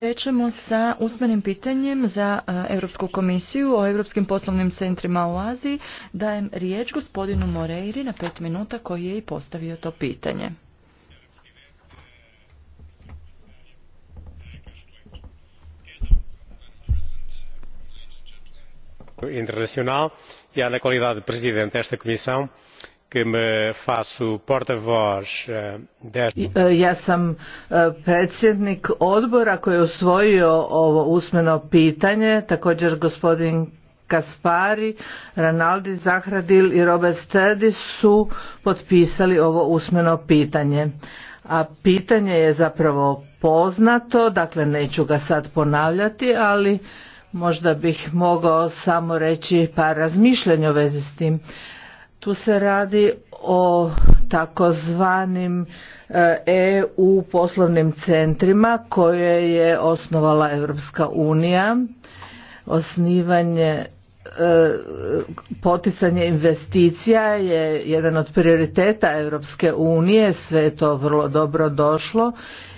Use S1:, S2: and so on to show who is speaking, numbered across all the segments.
S1: Krećemo sa usmenim pitanjem za e, Europsku komisiju o europskim poslovnim centrima u Aziji. Dajem riječ gospodinu Moreiri na pet minuta koji je i postavio to pitanje.
S2: Internacional i na qualidade prezidenta komisija Eh, e, ja sam e, predsjednik odbora koji je usvojio ovo usmeno pitanje također gospodin Kaspari, Ranaldi Zahradil i Robert Sturdy su potpisali ovo usmeno pitanje. A pitanje je zapravo poznato, dakle neću ga sad ponavljati, ali možda bih mogao samo reći par razmišljanja u vezi s tim se radi o takozvanim EU e poslovnim centrima koje je osnovala Europska unija. Osnivanje e, poticanje investicija je jedan od prioriteta Europske unije, sve je to vrlo dobro došlo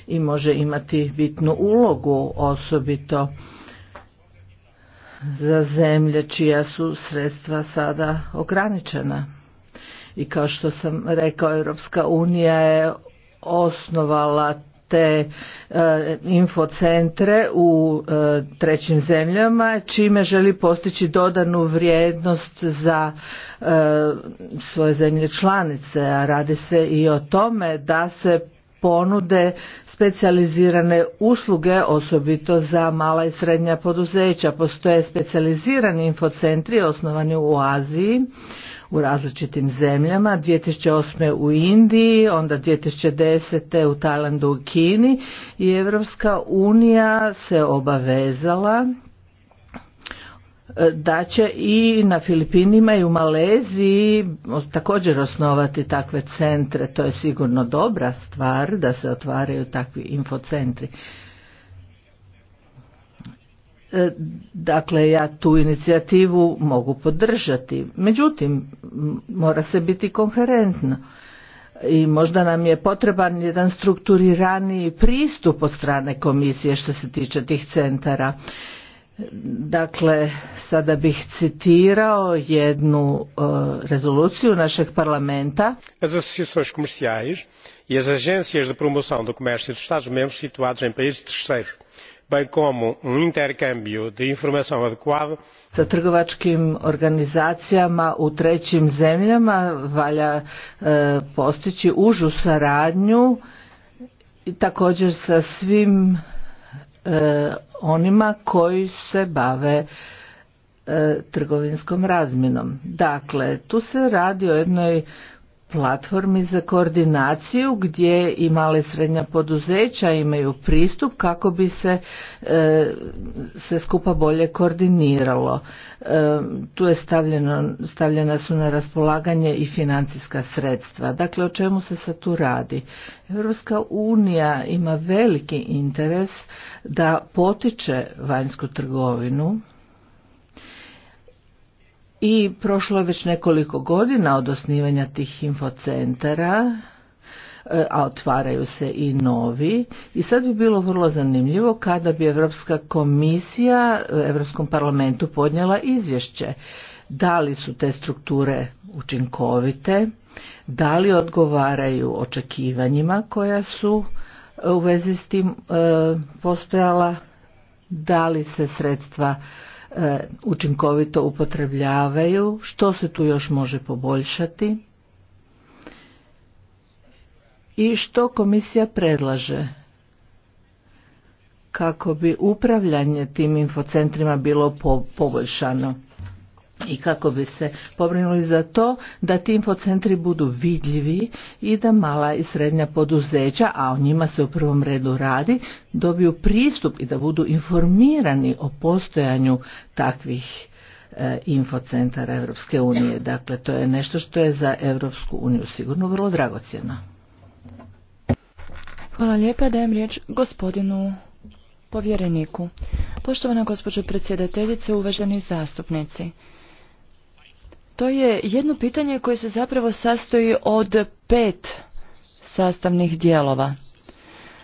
S2: i može imati bitnu ulogu osobito za zemlje čija su sredstva sada ograničena i kao što sam rekao Europska unija je osnovala te e, infocentre u e, trećim zemljama čime želi postići dodanu vrijednost za e, svoje zemlje članice a radi se i o tome da se ponude specijalizirane usluge osobito za mala i srednja poduzeća postoje specijalizirani infocentri osnovani u Aziji u različitim zemljama, 2008. u Indiji, onda 2010. u Tajlandu u Kini i Europska unija se obavezala e, da će i na Filipinima i u Maleziji također osnovati takve centre. To je sigurno dobra stvar da se otvaraju takvi infocentri. E, dakle, ja tu inicijativu mogu podržati. Međutim, mora se biti koherentno i možda nam je potreban jedan strukturiraniji pristup od strane komisije što se tiče tih centara. Dakle, sada bih citirao jednu e, rezoluciju našeg parlamenta. As associações comerciais e as agências de promoção do comércio dos Estados membros situados em países terceiros bem como um de sa trgovačkim organizacijama u trećim zemljama valja e, postići užu saradnju i također sa svim e, onima koji se bave e, trgovinskom razminom. Dakle, tu se radi o jednoj platformi za koordinaciju gdje i male srednja poduzeća imaju pristup kako bi se e, se skupa bolje koordiniralo. E, tu je stavljeno, stavljena su na raspolaganje i financijska sredstva. Dakle, o čemu se sad tu radi? Europska unija ima veliki interes da potiče vanjsku trgovinu i prošlo je već nekoliko godina od osnivanja tih infocentara e, a otvaraju se i novi i sad bi bilo vrlo zanimljivo kada bi Europska komisija Europskom parlamentu podnijela izvješće da li su te strukture učinkovite da li odgovaraju očekivanjima koja su e, u vezi s tim e, postojala da li se sredstva E, učinkovito upotrebljavaju, što se tu još može poboljšati i što komisija predlaže kako bi upravljanje tim infocentrima bilo poboljšano i kako bi se pobrinuli za to da ti infocentri budu vidljivi i da mala i srednja poduzeća, a o njima se u prvom redu radi, dobiju pristup i da budu informirani o postojanju takvih e, infocentara Europske unije. Dakle, to je nešto što je za Europsku uniju sigurno vrlo dragocjeno.
S1: Hvala lijepa, dajem riječ gospodinu povjereniku. Poštovana gospođo predsjedateljice, uvaženi zastupnici, to je jedno pitanje koje se zapravo sastoji od pet sastavnih dijelova.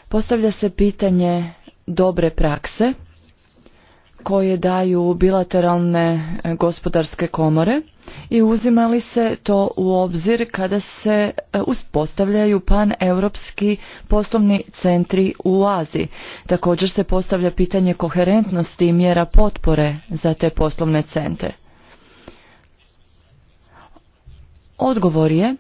S1: Postavlja se pitanje dobre prakse koje daju bilateralne e, gospodarske komore i uzima li se to u obzir kada se e, uspostavljaju paneuropski poslovni centri u Aziji. Također se postavlja pitanje koherentnosti i mjera potpore za te poslovne centre. Odgovor je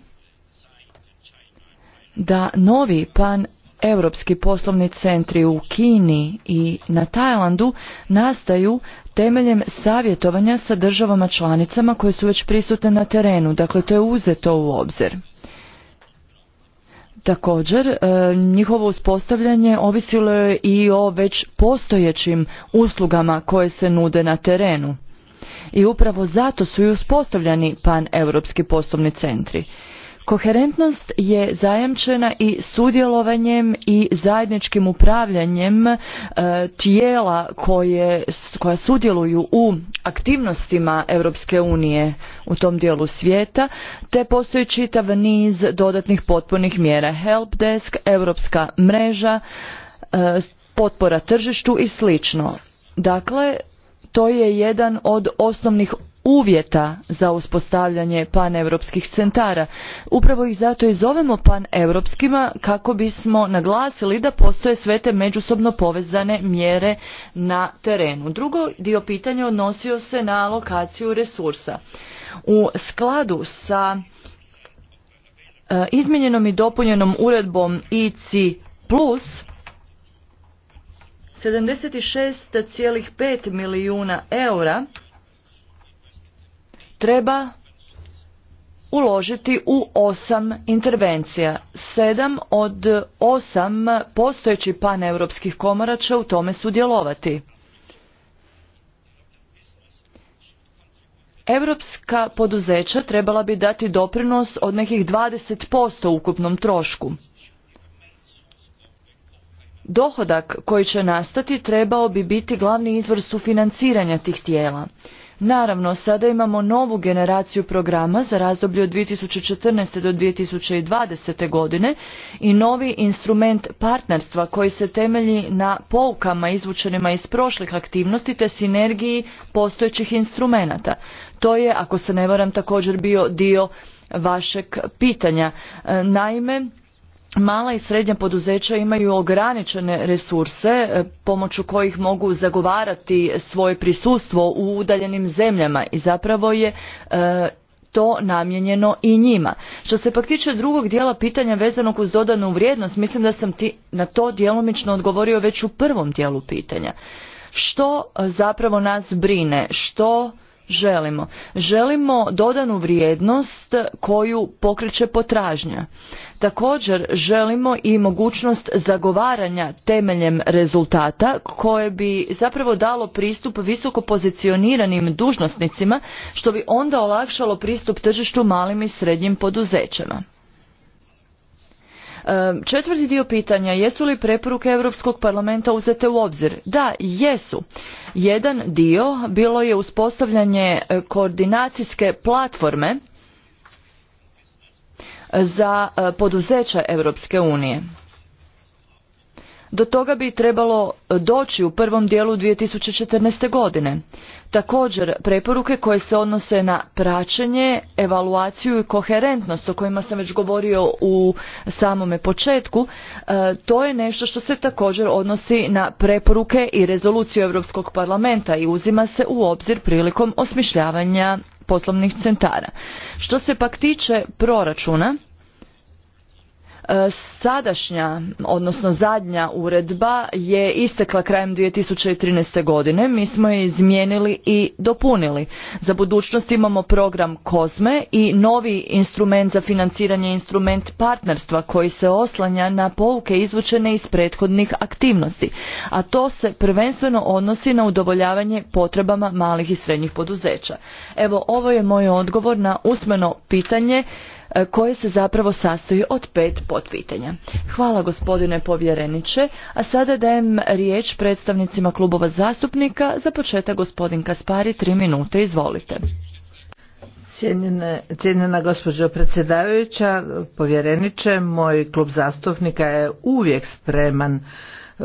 S1: da novi pan europski poslovni centri u Kini i na Tajlandu nastaju temeljem savjetovanja sa državama članicama koje su već prisutne na terenu. Dakle, to je uzeto u obzir. Također, e, njihovo uspostavljanje ovisilo je i o već postojećim uslugama koje se nude na terenu i upravo zato su i uspostavljani paneuropski poslovni centri. Koherentnost je zajamčena i sudjelovanjem i zajedničkim upravljanjem e, tijela koje, koja sudjeluju u aktivnostima Europske unije u tom dijelu svijeta, te postoji čitav niz dodatnih potpornih mjera helpdesk, europska mreža, e, potpora tržištu i slično. Dakle, to je jedan od osnovnih uvjeta za uspostavljanje paneuropskih centara. Upravo ih zato i zovemo paneuropskima kako bismo naglasili da postoje sve te međusobno povezane mjere na terenu. Drugo dio pitanja odnosio se na lokaciju resursa. U skladu sa e, izmijenjenom i dopunjenom uredbom ICI+, 76,5 milijuna eura treba uložiti u osam intervencija. Sedam od osam postojećih paneuropskih komora će u tome sudjelovati. Europska poduzeća trebala bi dati doprinos od nekih 20% ukupnom trošku. Dohodak koji će nastati trebao bi biti glavni izvor sufinanciranja tih tijela. Naravno, sada imamo novu generaciju programa za razdoblje od 2014. do 2020. godine i novi instrument partnerstva koji se temelji na poukama izvučenima iz prošlih aktivnosti te sinergiji postojećih instrumenata. To je, ako se ne varam, također bio dio vašeg pitanja. E, naime, mala i srednja poduzeća imaju ograničene resurse e, pomoću kojih mogu zagovarati svoje prisustvo u udaljenim zemljama i zapravo je e, to namijenjeno i njima. Što se pak tiče drugog dijela pitanja vezanog uz dodanu vrijednost, mislim da sam ti na to djelomično odgovorio već u prvom dijelu pitanja. Što e, zapravo nas brine? Što želimo? Želimo dodanu vrijednost koju pokreće potražnja. Također želimo i mogućnost zagovaranja temeljem rezultata koje bi zapravo dalo pristup visoko pozicioniranim dužnosnicima što bi onda olakšalo pristup tržištu malim i srednjim poduzećima. Četvrti dio pitanja, jesu li preporuke Europskog parlamenta uzete u obzir? Da, jesu. Jedan dio bilo je uspostavljanje e, koordinacijske platforme e, za e, poduzeća Europske unije. Do toga bi trebalo e, doći u prvom dijelu 2014. godine. Također, preporuke koje se odnose na praćenje, evaluaciju i koherentnost o kojima sam već govorio u samome početku, e, to je nešto što se također odnosi na preporuke i rezoluciju Europskog parlamenta i uzima se u obzir prilikom osmišljavanja poslovnih centara. Što se pak tiče proračuna, E, sadašnja, odnosno zadnja uredba je istekla krajem 2013. godine. Mi smo je izmijenili i dopunili. Za budućnost imamo program COSME i novi instrument za financiranje instrument partnerstva koji se oslanja na pouke izvučene iz prethodnih aktivnosti. A to se prvenstveno odnosi na udovoljavanje potrebama malih i srednjih poduzeća. Evo, ovo je moj odgovor na usmeno pitanje E, koje se zapravo sastoji od pet potpitanja. Hvala gospodine povjereniče, a sada dajem riječ predstavnicima klubova zastupnika. Za početak gospodin Kaspari, tri minute, izvolite.
S2: cijenjena gospođo predsjedavajuća, povjereniče, moj klub zastupnika je uvijek spreman e,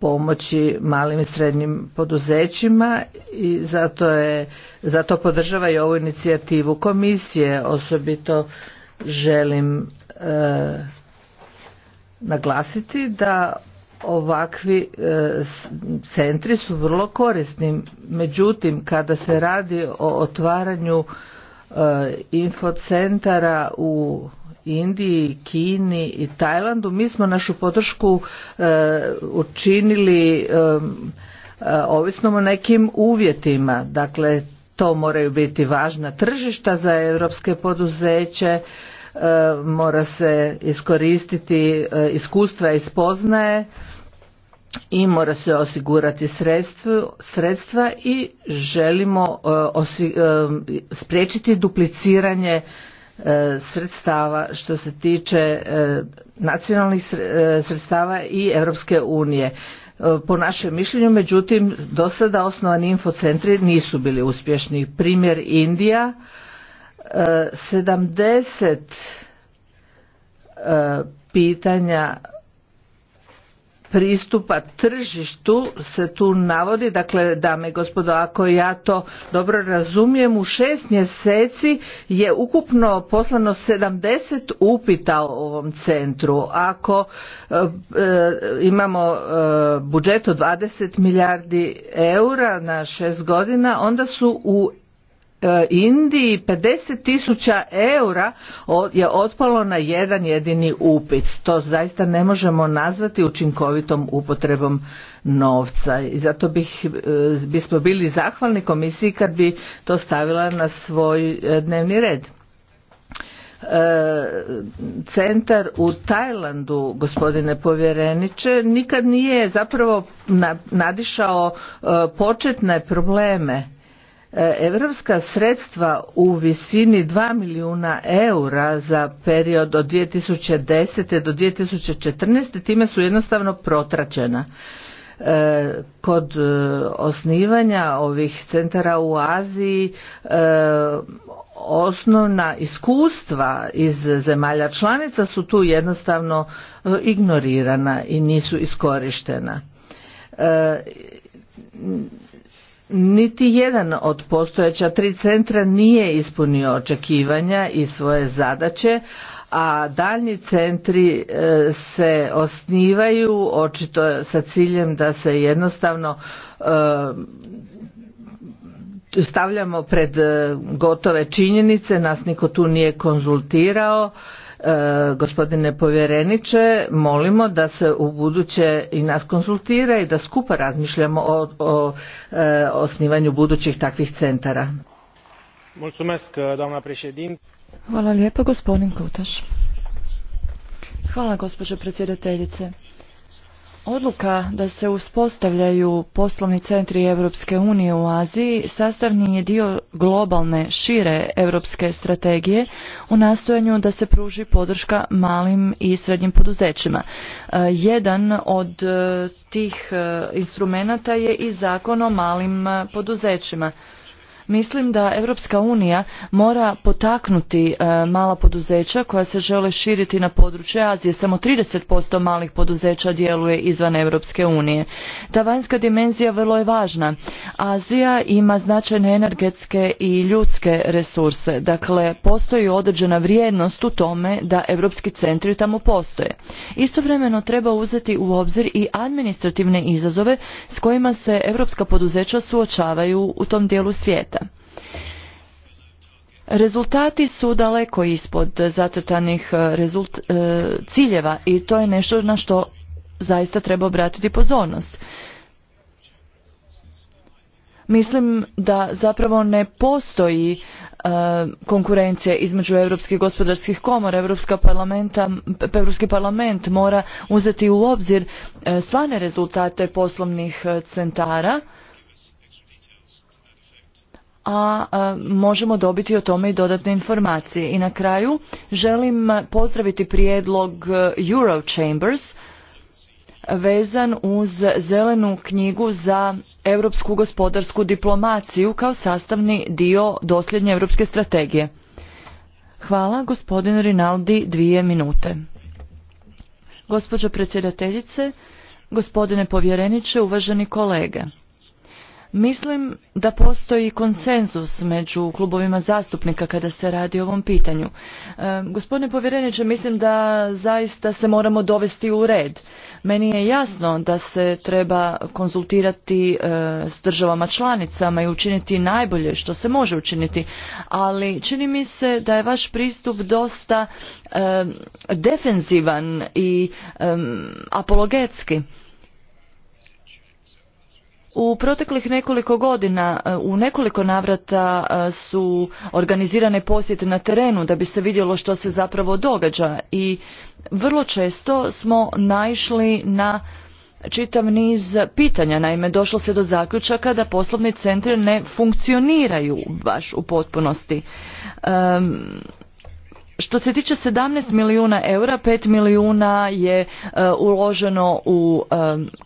S2: pomoći malim i srednjim poduzećima i zato, je, zato podržava i ovu inicijativu komisije. Osobito želim e, naglasiti da ovakvi e, centri su vrlo korisni. Međutim, kada se radi o otvaranju e, infocentara u Indiji, Kini i Tajlandu. Mi smo našu podršku e, učinili e, e, ovisno o nekim uvjetima. Dakle, to moraju biti važna tržišta za europske poduzeće, mora se iskoristiti iskustva i spoznaje i mora se osigurati sredstva, sredstva i želimo spriječiti dupliciranje E, sredstava što se tiče e, nacionalnih e, sredstava i Europske unije. Po našem mišljenju, međutim, do sada osnovani infocentri nisu bili uspješni. Primjer Indija, 70 pitanja pristupa tržištu se tu navodi, dakle dame i gospodo, ako ja to dobro razumijem, u šest mjeseci je ukupno poslano 70 upita ovom centru. Ako e, e, imamo e, budžet od 20 milijardi eura na šest godina, onda su u E, Indiji pedeset tisuća eura je otpalo na jedan jedini upit. To zaista ne možemo nazvati učinkovitom upotrebom novca i zato bih, e, bismo bili zahvalni komisiji kad bi to stavila na svoj e, dnevni red. Centar u Tajlandu, gospodine povjereniče, nikad nije zapravo nadišao početne probleme Europska sredstva u visini 2 milijuna eura za period od 2010. do 2014. time su jednostavno protračena. E, kod e, osnivanja ovih centara u Aziji e, osnovna iskustva iz zemalja članica su tu jednostavno ignorirana i nisu iskorištena niti jedan od postojeća tri centra nije ispunio očekivanja i svoje zadaće, a daljnji centri e, se osnivaju očito sa ciljem da se jednostavno e, stavljamo pred e, gotove činjenice, nas niko tu nije konzultirao E, gospodine povjereniče, molimo da se u buduće i nas konsultira i da skupa razmišljamo o, e, osnivanju budućih takvih centara. Mulțumesc, doamna președinte. Hvala
S1: lijepo gospodin Kutaš. Hvala, gospođo predsjedateljice. Odluka da se uspostavljaju poslovni centri Europske unije u Aziji sastavni je dio globalne, šire europske strategije u nastojanju da se pruži podrška malim i srednjim poduzećima. E, jedan od e, tih e, instrumenata je i zakon o malim poduzećima. Mislim da Europska unija mora potaknuti e, mala poduzeća koja se žele širiti na područje Azije. Samo 30% malih poduzeća djeluje izvan Europske unije. Ta vanjska dimenzija vrlo je važna. Azija ima značajne energetske i ljudske resurse. Dakle, postoji određena vrijednost u tome da europski centri tamo postoje. Istovremeno treba uzeti u obzir i administrativne izazove s kojima se europska poduzeća suočavaju u tom dijelu svijeta. Rezultati su daleko ispod zacrtanih e, e, ciljeva i to je nešto na što zaista treba obratiti pozornost. Mislim da zapravo ne postoji konkurencije konkurencija između europskih gospodarskih komora, Europski parlament mora uzeti u obzir e, stvarne rezultate poslovnih centara a e, možemo dobiti o tome i dodatne informacije. I na kraju želim pozdraviti prijedlog e, Eurochambers vezan uz zelenu knjigu za europsku gospodarsku diplomaciju kao sastavni dio dosljednje europske strategije. Hvala, gospodin Rinaldi, dvije minute. Gospođo predsjedateljice, gospodine povjereniče, uvaženi kolege. Mislim da postoji konsenzus među klubovima zastupnika kada se radi o ovom pitanju. E, gospodine povjereniče, mislim da zaista se moramo dovesti u red. Meni je jasno da se treba konzultirati e, s državama članicama i učiniti najbolje što se može učiniti, ali čini mi se da je vaš pristup dosta defensivan defenzivan i e, apologetski. U proteklih nekoliko godina e, u nekoliko navrata e, su organizirane posjete na terenu da bi se vidjelo što se zapravo događa i vrlo često smo naišli na čitav niz pitanja. Naime, došlo se do zaključaka da poslovni centri ne funkcioniraju baš u potpunosti što se tiče 17 milijuna eura, 5 milijuna je e, uloženo u e,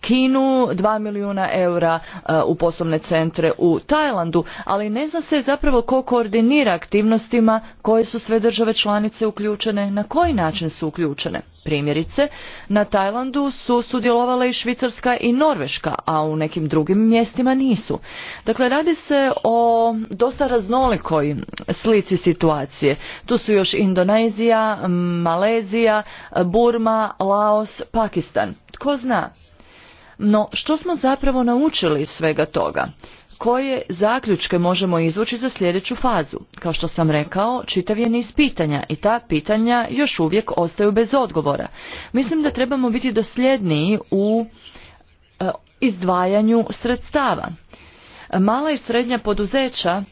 S1: Kinu, 2 milijuna eura e, u poslovne centre u Tajlandu, ali ne zna se zapravo ko koordinira aktivnostima koje su sve države članice uključene, na koji način su uključene. Primjerice, na Tajlandu su sudjelovale i Švicarska i Norveška, a u nekim drugim mjestima nisu. Dakle, radi se o dosta raznolikoj slici situacije. Tu su još Indonezija, Indonezija, Malezija, Burma, Laos, Pakistan. Tko zna? No što smo zapravo naučili iz svega toga? koje zaključke možemo izvući za sljedeću fazu. Kao što sam rekao, čitav je niz pitanja i ta pitanja još uvijek ostaju bez odgovora. Mislim da trebamo biti dosljedniji u e, izdvajanju sredstava. Mala i srednja poduzeća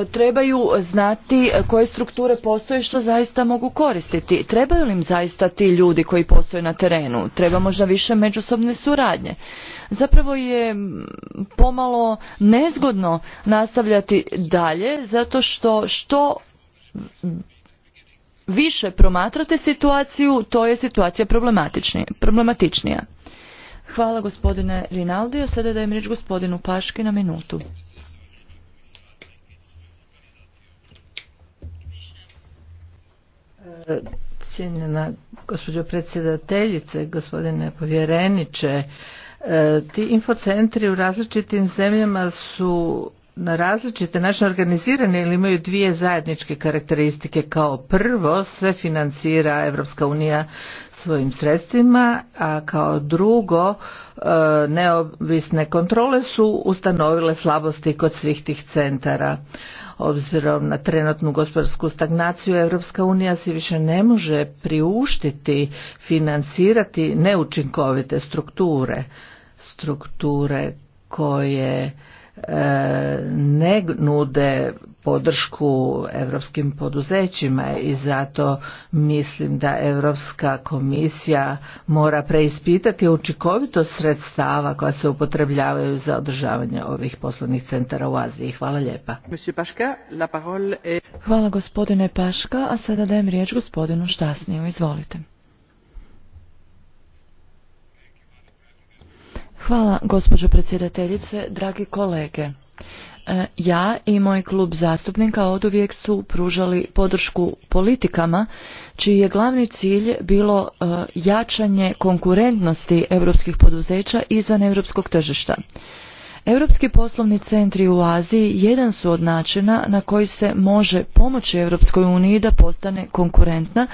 S1: E, trebaju znati koje strukture postoje što zaista mogu koristiti. Trebaju li im zaista ti ljudi koji postoje na terenu? Treba možda više međusobne suradnje. Zapravo je pomalo nezgodno nastavljati dalje zato što što više promatrate situaciju, to je situacija problematičnija. Hvala gospodine Rinaldi, Sada dajem riječ gospodinu Paški na minutu.
S2: Cijenjena gospođo predsjedateljice, gospodine povjereniče, e, ti infocentri u različitim zemljama su na različite naše znači organizirane ili imaju dvije zajedničke karakteristike. Kao prvo sve financira Europska unija svojim sredstvima, a kao drugo e, neovisne kontrole su ustanovile slabosti kod svih tih centara. Obzirom na trenutnu gospodarsku stagnaciju, Europska unija si više ne može priuštiti financirati neučinkovite strukture, strukture koje ne nude podršku europskim poduzećima i zato mislim da Europska komisija mora preispitati učinkovitost sredstava koja se upotrebljavaju za održavanje ovih poslovnih centara u Aziji. Hvala lijepa.
S1: Hvala gospodine Paška, a sada dajem riječ gospodinu Štasniju. Izvolite. Hvala gospođo predsjedateljice, dragi kolege. E, ja i moj klub zastupnika oduvijek su pružali podršku politikama čiji je glavni cilj bilo e, jačanje konkurentnosti europskih poduzeća izvan europskog tržišta. Europski poslovni centri u Aziji jedan su od načina na koji se može pomoći Europskoj uniji da postane konkurentna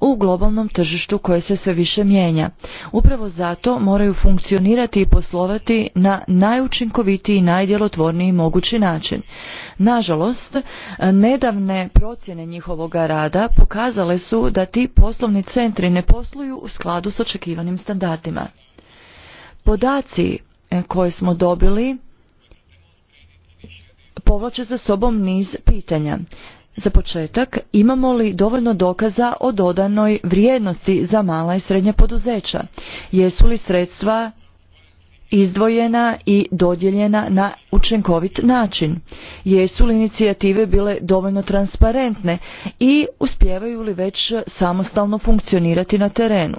S1: u globalnom tržištu koje se sve više mijenja. Upravo zato moraju funkcionirati i poslovati na najučinkovitiji i najdjelotvorniji mogući način. Nažalost, nedavne procjene njihovog rada pokazale su da ti poslovni centri ne posluju u skladu s očekivanim standardima. Podaci E, koje smo dobili povlače za sobom niz pitanja. Za početak, imamo li dovoljno dokaza o dodanoj vrijednosti za mala i srednja poduzeća? Jesu li sredstva izdvojena i dodijeljena na učinkovit način? Jesu li inicijative bile dovoljno transparentne i uspijevaju li već samostalno funkcionirati na terenu?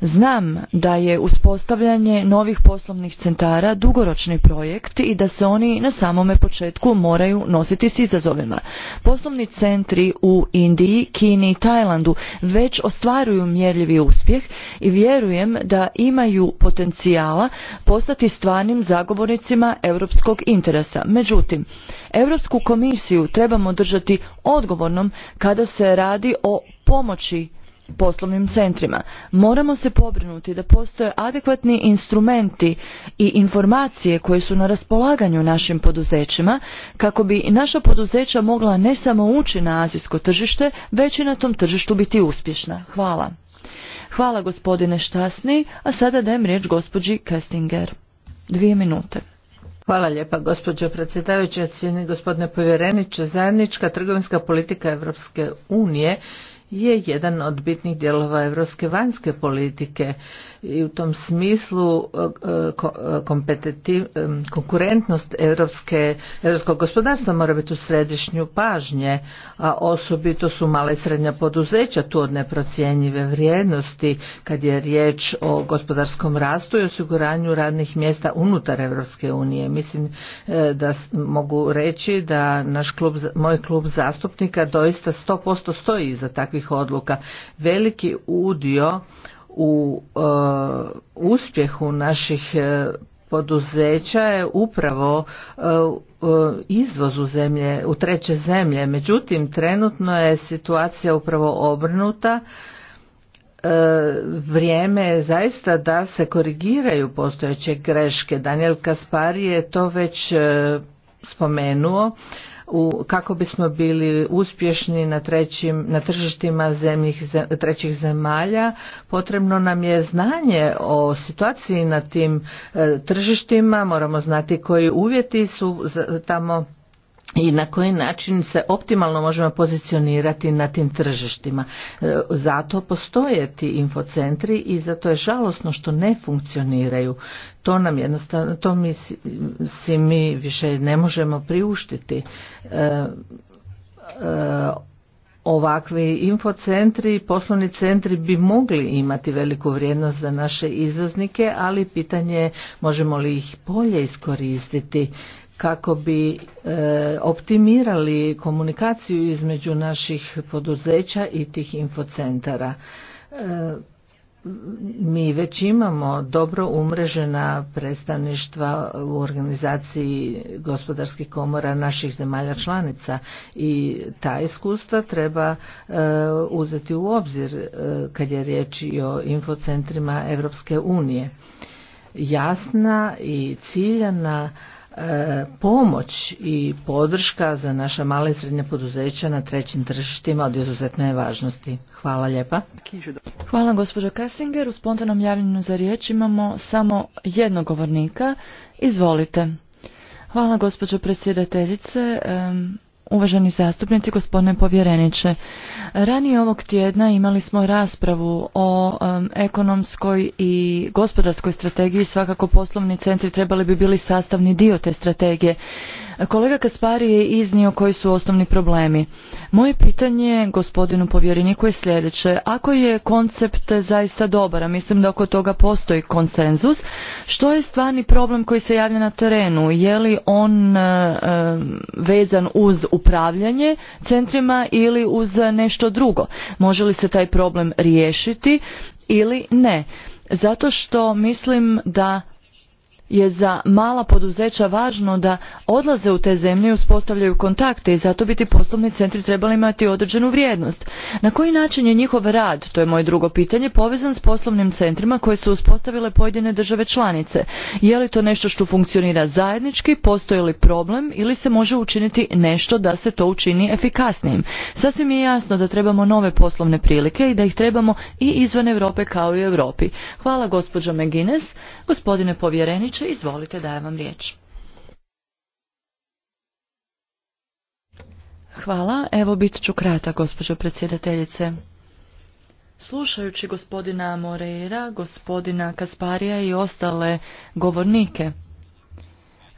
S1: Znam da je uspostavljanje novih poslovnih centara dugoročni projekt i da se oni na samome početku moraju nositi s izazovima. Poslovni centri u Indiji, Kini i Tajlandu već ostvaruju mjerljivi uspjeh i vjerujem da imaju potencijala postati stvarnim zagovornicima europskog interesa. Međutim, Europsku komisiju trebamo držati odgovornom kada se radi o pomoći poslovnim centrima. Moramo se pobrinuti da postoje adekvatni instrumenti i informacije koje su na raspolaganju našim poduzećima kako bi naša poduzeća mogla ne samo ući na azijsko tržište, već i na tom tržištu biti uspješna. Hvala. Hvala gospodine Štasni, a sada dajem riječ gospođi Kastinger. Dvije minute.
S2: Hvala lijepa gospođo predsjedavajuća, cijeni gospodine povjereniče, zajednička trgovinska politika Europske unije je jedan od bitnih dijelova europske vanjske politike i u tom smislu e, e, e, konkurentnost evropske europskog gospodarstva mora biti u središnju pažnje, a osobito su mala i srednja poduzeća tu od neprocjenjive vrijednosti kad je riječ o gospodarskom rastu i osiguranju radnih mjesta unutar Evropske unije. Mislim da mogu reći da naš klub, moj klub zastupnika doista 100% stoji iza takvih takvih odluka. Veliki udio u e, uspjehu naših e, poduzeća je upravo e, e, izvozu zemlje u treće zemlje. Međutim, trenutno je situacija upravo obrnuta. Vrijeme je zaista da se korigiraju postojeće greške. Daniel Kaspari je to već spomenuo u, kako bismo bili uspješni na, trećim, na tržištima zemljih, trećih zemalja. Potrebno nam je znanje o situaciji na tim e, tržištima, moramo znati koji uvjeti su tamo i na koji način se optimalno možemo pozicionirati na tim tržištima. E, zato postoje ti infocentri i zato je žalosno što ne funkcioniraju. To nam jednostavno, to mi si mi više ne možemo priuštiti. E, e, ovakvi infocentri, poslovni centri bi mogli imati veliku vrijednost za naše izvoznike, ali pitanje je možemo li ih bolje iskoristiti kako bi e, optimirali komunikaciju između naših poduzeća i tih infocentara. E, mi već imamo dobro umrežena predstavništva u organizaciji gospodarskih komora naših zemalja članica i ta iskustva treba e, uzeti u obzir kad je riječ o infocentrima Europske unije. Jasna i ciljana pomoć i podrška za naša mala i srednja poduzeća na trećim tržištima od izuzetne važnosti. Hvala lijepa.
S1: Hvala gospođo Kessinger. U spontanom javljenju za riječ imamo samo jednog govornika. Izvolite. Hvala gospođo predsjedateljice. Uvaženi zastupnici, gospodine povjereniče, ranije ovog tjedna imali smo raspravu o ekonomskoj i gospodarskoj strategiji, svakako poslovni centri trebali bi bili sastavni dio te strategije. Kolega Kaspari je iznio koji su osnovni problemi. Moje pitanje gospodinu povjereniku je sljedeće. Ako je koncept zaista dobar, a mislim da oko toga postoji konsenzus, što je stvarni problem koji se javlja na terenu? Je li on e, e, vezan uz upravljanje centrima ili uz nešto drugo? Može li se taj problem riješiti ili ne? Zato što mislim da je za mala poduzeća važno da odlaze u te zemlje i uspostavljaju kontakte i zato bi ti poslovni centri trebali imati određenu vrijednost. Na koji način je njihov rad, to je moje drugo pitanje, povezan s poslovnim centrima koje su uspostavile pojedine države članice? Je li to nešto što funkcionira zajednički, postoji li problem ili se može učiniti nešto da se to učini efikasnijim? Sasvim je jasno da trebamo nove poslovne prilike i da ih trebamo i izvan Europe kao i u Europi. Hvala gospođo Megines, gospodine povjerenič, izvolite, dajem vam riječ. Hvala, evo bit ću krata, gospođo predsjedateljice. Slušajući gospodina Moreira, gospodina Kasparija i ostale govornike,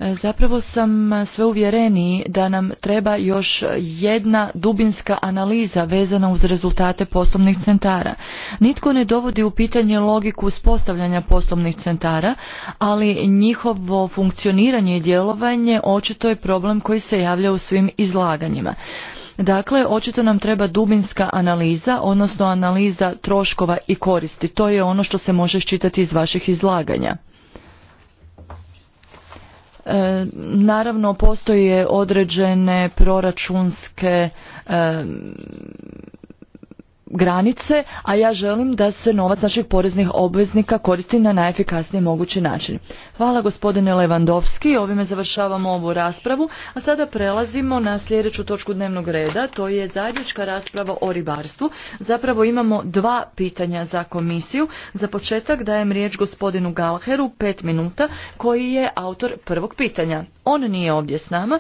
S1: Zapravo sam sve uvjereniji da nam treba još jedna dubinska analiza vezana uz rezultate poslovnih centara. Nitko ne dovodi u pitanje logiku uspostavljanja poslovnih centara, ali njihovo funkcioniranje i djelovanje očito je problem koji se javlja u svim izlaganjima. Dakle, očito nam treba dubinska analiza, odnosno analiza troškova i koristi. To je ono što se može ščitati iz vaših izlaganja. E, naravno, postoje određene proračunske e, granice, a ja želim da se novac naših poreznih obveznika koristi na najefikasniji mogući način. Hvala gospodine Levandovski, ovime završavamo ovu raspravu, a sada prelazimo na sljedeću točku dnevnog reda, to je zajednička rasprava o ribarstvu. Zapravo imamo dva pitanja za komisiju. Za početak dajem riječ gospodinu Galheru, pet minuta, koji je autor prvog pitanja. On nije ovdje s nama,